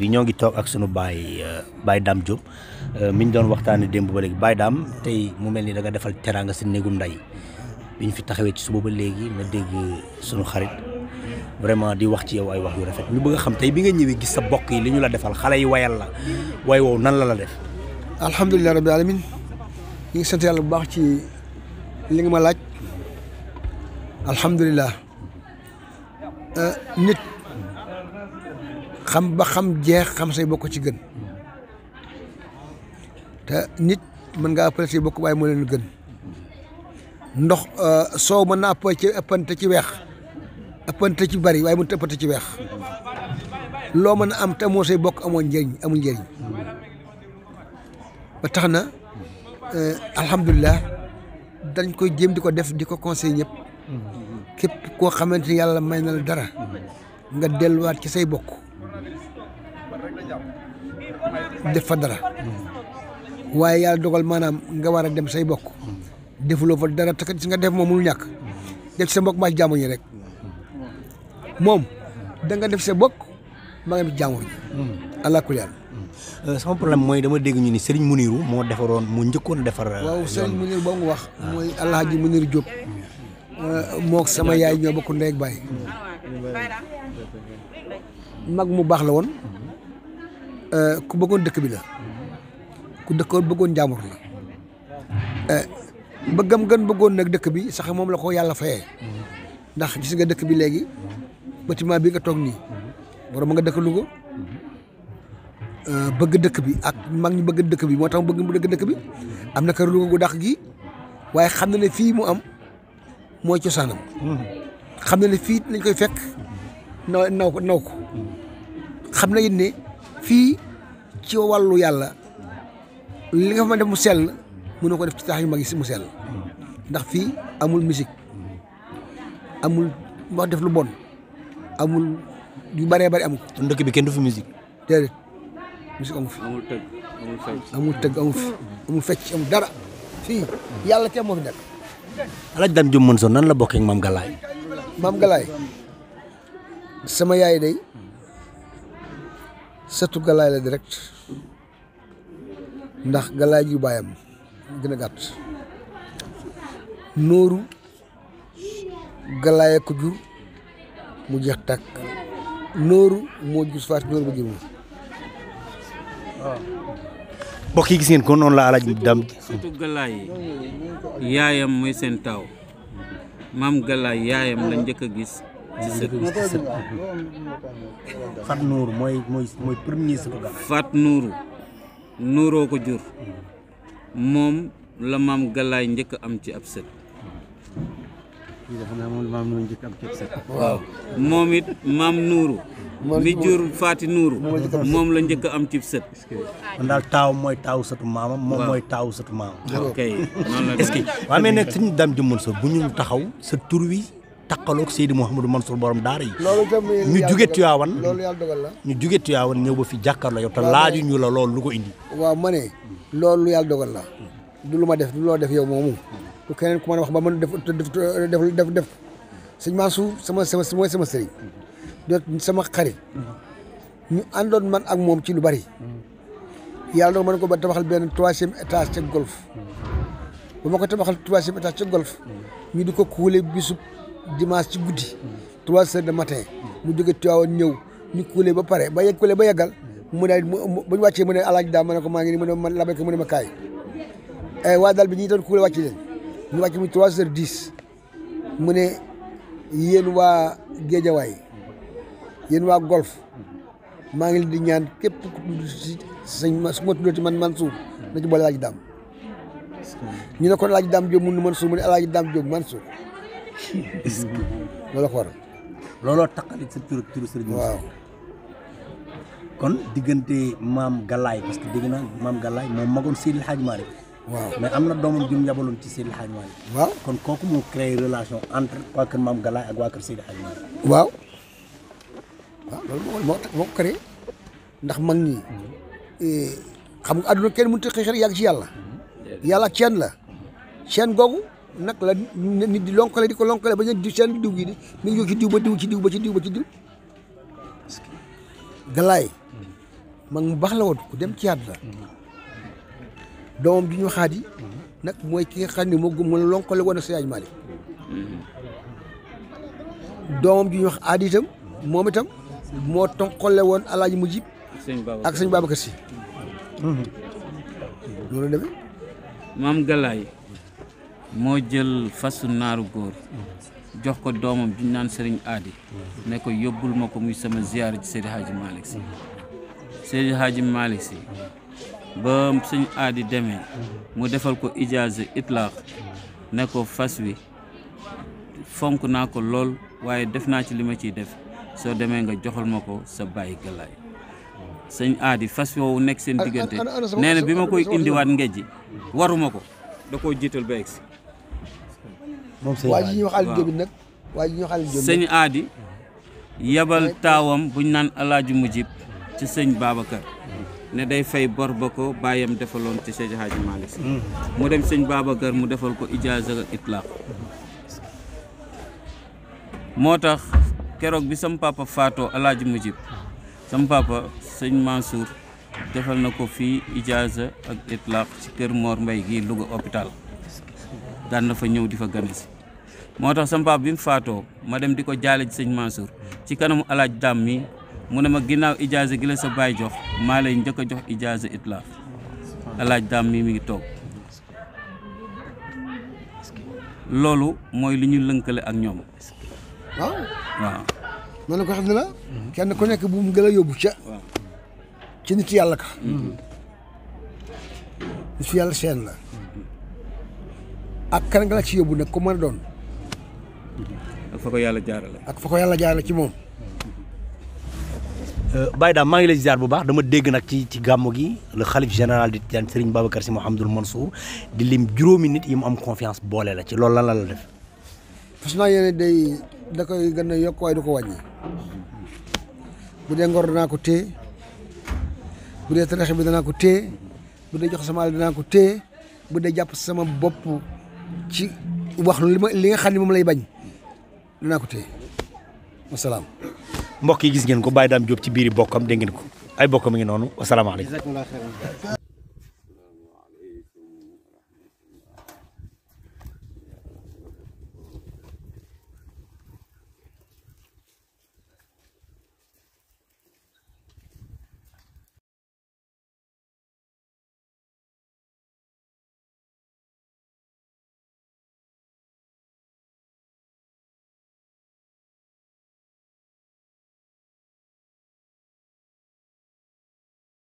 bi ñoo ngi toog ak sunu baay euh, baay Dame Diop euh, mi ñu doon waxtaanee démb ba léegi baay Dame tey mu mel ni danga defal teraanga si néegum nday bi ñu fi taxawee ci suba ba léegi ma dégg sunu xarit vraiment di wax ci yow ay wax yu rafet ñu bëgg a xam tey bi nga ñëwee gis sa bokk yi li ñu la defal xale yi wayal la way wow nan la la def. alhamdulilah rabbil alamin ñu ngi sant yàlla bu baax ci li nga ma laaj alhamdulilah euh, xam ba xam jeex xam say bokk ci gën te nit mën ngaa ëppale say bokk waaye moo leen gën ndox euh, soow mën naa ëpp ci ëppante ci weex ëppante ci bari waaye mënut ëppante ci weex loo mën a am te moo say bokk amoon njëriñ amul njëriñ ba tax na euh, alhamdulilah dañ koy jéem di ko def di ko conseil ñëpp mm-hmm. képp koo xamante ni yàlla may na la dara nga delluwaat ci say bokk def fa dara waaye yàlla dogal maanaam nga war a dem say bokk defuloo fa dara te si nga def moom mënul ñàkk def sa mbokk maa ci jaamu ñi rek nga def sa bokk maa ngi def jaamu allah kulli euh, sama problème mooy dama dégg ñu ni mu Muniru moo defaroon mu njëkkoon defar. Euh, waaw Serigne Muniru boo mu wax. Ah. mooy Alhaji Muniru Diop. Euh, mook sama yaay ñoo bokk ndey ak baay mm. mag mu baax la woon. Eh, ku bëggoon dëkk bi la ku dëkkoon bëggoon njaamur la eh, bëggam gën bëggoon nag dëkk bi sax moom la ko yàlla fayee ndax gis nga dëkk bi léegi bâtiment bi nga toog nii borom nga dëkk Louga eh, bëgg dëkk bi ak mag ñi bëgg dëkk bi moo tax bëgg mu dëkk bi am na kër Louga gu dax gi waaye xam na ne fii mu am mooy cosaanam xam na ne fii lañ koy fekk naw naw ko naw ko xam na it ne fii ci wàllu yàlla li nga ma def mu sel sell mënoo ko def ci taax yu mag si mu sell ndax fii amul musique amul wax def lu bon amul yu bëree bëri amul. kon dëkk bi kenn du fi musique. déedéet musique amu fi. amul tëgg amul amul tëgg amul dara fii yàlla kenn moo fi nekk. alaaj daan jum mën so nan la bokkee ak maam Galaay. maam sama yaay day. setu galaay la direct ndax galaay yu baayam gën a gàtt nooru galaay ko jur mu jeex takk nooru moo jur faat nooru ba jur moom ah. mbokk yi gis ngeen ko noonu la alaaj dam surtout galaay yaayam mooy seen taaw maam galaay yaayam lañ njëkk a gis Fat Nuuru mooy premier sëtu Galaas. Fat Nuuru nuuroo ko jur moom la maam Galaay njëkk am ci ab sët. waaw moom it maam Nuuru. mi jur faati nuuru moom la njëkk a am cib sët man daal taaw mooy taaw sëtu maamam moom mooy taaw sëtu maamam ok est-ce que waaw mais nag dam jëmmal so bu ñu taxaw sa tur wi taqaloog Seydi Mouhamadou Mansour borom daara yi ñu juge Tiwaawan loolu yàlla dogal la ñu juge Tiwaawan ñëw ba fi jàkkaarloo yow te laaju ñu la loolu lu ko indi waaw ma ne loolu yàlla dogal la du lu ma def du loo def yow moomu du keneen ku ma wax ba mën def def def def sëñ Mansour sama sama mooy sama sëriñ doot sama xarit ñu àndoon man ak moom ci lu bari yàlla doon mën ko ba tabaxal benn troisième étage ca golf ba ma ko tabaxal troisième étage ca golf ñu di ko dimanche ci guddi trois heures de matin mu jóge Tiwaawan ñëw ñu kuule ba pare ba yegg kuule ba yeggal mu ne ba ñu wàccee mu ne alaaji daa ma ne ko maa ngi nii mu ma la béykat mu ne eh, waa daal bi ñuy doon kuule wàcc leen ñu wàcc mu trois heures dix mu yéen waa Géejawaay yéen waa golf maa ngi leen di ñaan képp ku tudd ci sëñ ma su ma tuddee ci man Mansour na ci boole alaaji daam ñu ne kon alaaji daam na Mansour mu ne alaaji daam Diop loolu ko waral. looloo taqali sa tur ak turu kon diggante maam Galaay parce que dégg naa maam Galaay moom magoon Seydil Hadj Malick. waaw mais am na doomam jum yabaloon ci Seydil Hadj Malick. waaw kon kooku moo relation entre waa kër maam Galaay ak waa kër Seydil Hadj Malick. waaw waaw loolu moo moo ko créé ndax mag ñi eh, xam nga àdduna kenn mënut a xëy xëy yàgg ci yàlla. Mm-hmm. yàlla ceen la ceen googu. nag la nit di lonkale di ko lonkale ba di seen diw gi di mi ngi ci diw ba diw ci diw ba ci diw ba ci galaay mag mu baax la woon ku dem ci yaat doomam di ñu xaat nag mooy ki nga xam ne moo gëm la lonkale woon ak Seydi Malick doomam ju wax aadi itam moom itam moo tonqole woon alaaji mujib ak sëñ Babacar Si loolu demee maam Galaay moo jël fasu naaru góor jox ko doomam juñ naan sëriñ aadi ne ko yóbbul ma ko muy sama ziyaar ci Seydi Hadji Malick si Seydi Hadji Malick si ba sëñ aadi demee mu defal ko ijaaza itlaax ne ko fas wi fonk naa ko lool waaye def naa ci li ma ciy def soo demee nga joxal ma ko sa bàyyi galaay sëñ aadi fas woowu nekk seen diggante nee bi ma koy indiwaat ngejji waruma ko da koo jiital ba egsi moom sëñ waa ji nag waa ji ñuy wax aadi yabal taawam buñ naan alaaju mujib ci sëñ Babacar ne day fay borba ko bàyyam defaloon ci Cheikh Hadji Malick mm-hmm. mu dem sëñ baabakër mu defal ko ijaaza ak moo tax keroog bi sam papa faatoo alaaju mujib sam papa sëñ defal na ko fii ijaaza ak itlaq ci kër Mor Mbay gi Louga hôpital daan na fa ñëw di fa gane moo tax sa papa bi mu faatoo ma dem di ko jaale ci sëñ Mansour ci kanamu alaaj daam mi mu ne ma ginnaaw ijaaza gi la sa baay jox maa lay njëkk a jox ijaaza itlaaf alaaj daam mi mi ngi toog loolu mooy li ñu lënkale ak ñoom ma ne ko xam ne la kenn ku nekk bu mu gën a yóbbu ca ci nit yàlla ka mm-hmm. nit yàlla seen la ak kan nga la ci yóbbu nag ku mën a doon. ak fa ko yàlla jaarale. ak ci moom. Euh, Baye daa maa ngi lay jaar bu baax dama dégg nag ci ci gàmmu gi le xalif général di Tijaan Serigne Babacar Sy Mouhamadul Mansour di lim juróomi nit yi mu am confiance boole la ci loolu lan la la def. fas naa yéene day da a yokk waaye du ko wàññi bu dee ngor danaa ko téye bu dee taraxe danaa ko téye bu dee jox sama àll danaa ko té bu dee jàpp sama bopp ci wax li ma li nga xam ne moom lay bañ dinaa ko téye wasalaam. mbokk gis ngeen ko bay Dame Diop ci biiri bokkam dégg ko ay bokkam ngi noonu wasalaamaaleykum.